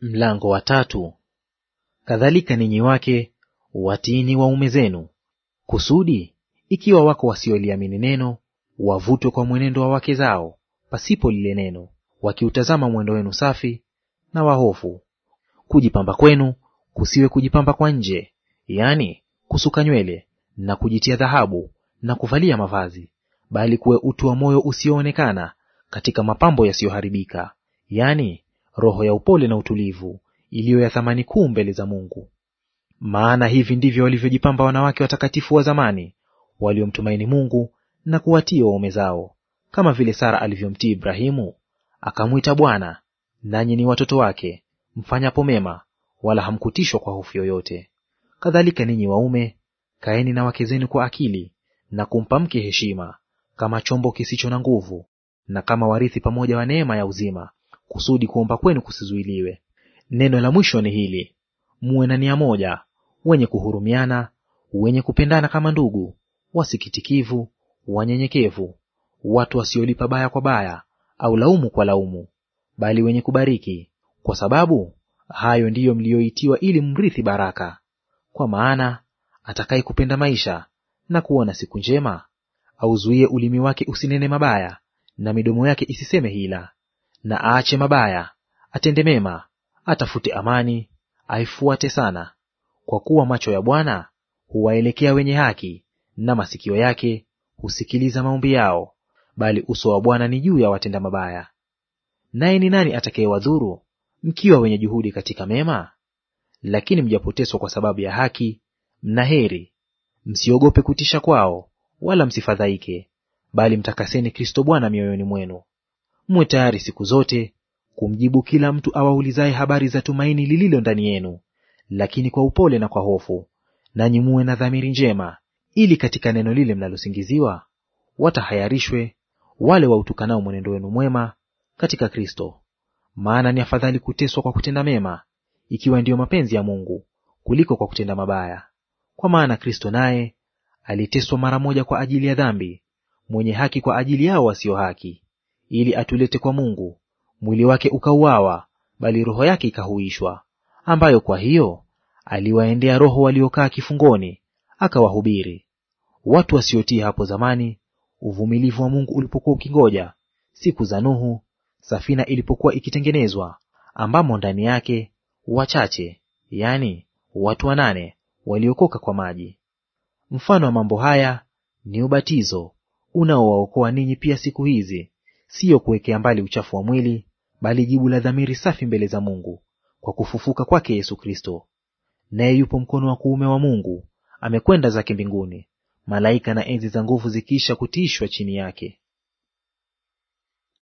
Mlango wa tatu. Kadhalika ninyi wake watiini waume zenu, kusudi ikiwa wako wasioliamini neno, wavutwe kwa mwenendo wa wake zao pasipo lile neno, wakiutazama mwendo wenu safi na wahofu. Kujipamba kwenu kusiwe kujipamba kwa nje, yaani kusuka nywele na kujitia dhahabu na kuvalia mavazi, bali kuwe utu wa moyo usioonekana katika mapambo yasiyoharibika, yaani roho ya upole na utulivu, iliyo ya thamani kuu mbele za Mungu. Maana hivi ndivyo walivyojipamba wanawake watakatifu wa zamani, waliomtumaini Mungu na kuwatii waume zao, kama vile Sara alivyomtii Ibrahimu, akamwita Bwana. Nanyi ni watoto wake, mfanyapo mema, wala hamkutishwa kwa hofu yoyote. Kadhalika ninyi waume, kaeni na wake zenu kwa akili, na kumpa mke heshima, kama chombo kisicho na nguvu, na kama warithi pamoja wa neema ya uzima, kusudi kuomba kwenu kusizuiliwe. Neno la mwisho ni hili: muwe na nia moja, wenye kuhurumiana, wenye kupendana kama ndugu, wasikitikivu, wanyenyekevu, watu wasiolipa baya kwa baya au laumu kwa laumu, bali wenye kubariki, kwa sababu hayo ndiyo mliyoitiwa, ili mrithi baraka. Kwa maana atakaye kupenda maisha na kuona siku njema, auzuie ulimi wake usinene mabaya, na midomo yake isiseme hila na aache mabaya, atende mema, atafute amani, aifuate sana. Kwa kuwa macho ya Bwana huwaelekea wenye haki, na masikio yake husikiliza maombi yao, bali uso wa Bwana ni juu ya watenda mabaya. Naye ni nani atakayewadhuru mkiwa wenye juhudi katika mema? Lakini mjapoteswa kwa sababu ya haki, mna heri. Msiogope kutisha kwao, wala msifadhaike, bali mtakaseni Kristo Bwana mioyoni mwenu mwe tayari siku zote kumjibu kila mtu awaulizaye habari za tumaini lililo ndani yenu, lakini kwa upole na kwa hofu; nanyi muwe na dhamiri njema, ili katika neno lile mnalosingiziwa watahayarishwe wale wautukanao mwenendo wenu mwema katika Kristo. Maana ni afadhali kuteswa kwa kutenda mema, ikiwa ndiyo mapenzi ya Mungu, kuliko kwa kutenda mabaya. Kwa maana Kristo naye aliteswa mara moja kwa ajili ya dhambi, mwenye haki kwa ajili yao wasio haki, ili atulete kwa Mungu, mwili wake ukauawa, bali roho yake ikahuishwa, ambayo kwa hiyo aliwaendea roho waliokaa kifungoni, akawahubiri watu wasiotii hapo zamani, uvumilivu wa Mungu ulipokuwa ukingoja siku za Nuhu, safina ilipokuwa ikitengenezwa, ambamo ndani yake wachache, yani watu wanane waliokoka kwa maji. Mfano wa mambo haya ni ubatizo unaowaokoa ninyi pia siku hizi siyo kuwekea mbali uchafu wa mwili, bali jibu la dhamiri safi mbele za Mungu kwa kufufuka kwake Yesu Kristo. Naye yupo mkono wa kuume wa Mungu, amekwenda zake mbinguni, malaika na enzi za nguvu zikiisha kutiishwa chini yake.